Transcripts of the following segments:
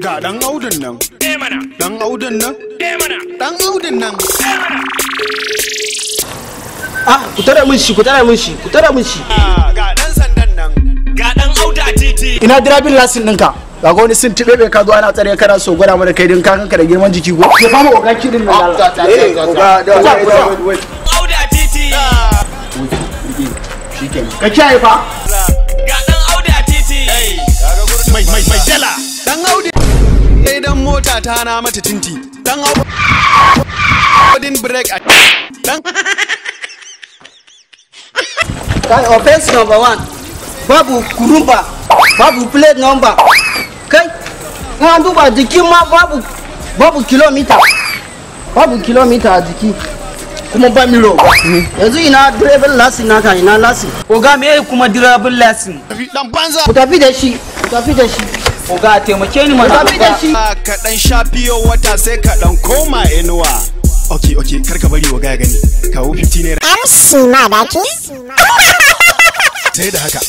Ga dan audun nan. Eh mana. Dan audun nan. Eh mana. Dan audun nan. Eh Ah, ku tara min shi, ku tara min shi, ku tara min shi. Ah, ga dan sandan nan. Ga dan auda a titi. Ina driving license ɗinka. Ga wani sun tibe bai ka zo ana tsare kana so gwada mana kai din kakan ka da girman jiki ko. Ke fama oga kidin nan. Ah, eh, da wai wai Auda titi. Ah. Ka kiyaye fa. mata na mata tinti dan din break a dan kai offense number one babu kurumba babu plate number kai na duba jiki ma babu babu kilomita babu kilomita a jiki kuma ba mi miro yanzu ina direbin lasin naka ina lasin oga me kuma driver lasin dan banza ku tafi da shi ku tafi da shi Oga taimake ni mana. Tafi da shi. Ka dan sha wata sai ka dan koma inuwa. Ok ok kar ka bari oga ya gani. Kawo 50 naira. Amsi ma daki. Sai da haka.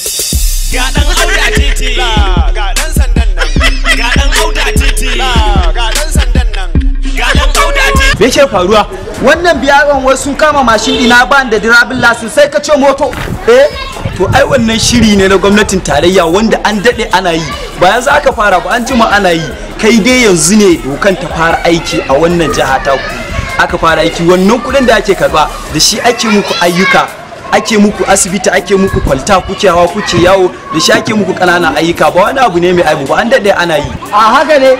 Ga dan auda titi. Ga dan sandan nan. Ga dan auda titi. Ga dan sandan nan. Ga dan auda titi. Me ke faruwa? Wannan biyaron wasu kama mashin ina ban da dirabin license sai ka ce moto. Eh? to ai wannan shiri ne na gwamnatin tarayya wanda an daɗe ana yi ba yanzu aka fara ba an jima ana yi kai dai yanzu ne dokan ta fara aiki a wannan jiha ta ku aka fara aiki wannan kuɗin da ake karba da shi ake muku ayyuka ake muku asibiti ake muku kwalta kuke hawa kuke yawo da shi ake muku ƙanana ayyuka ba wani abu ne mai aibu ba an daɗe ana yi a haka ne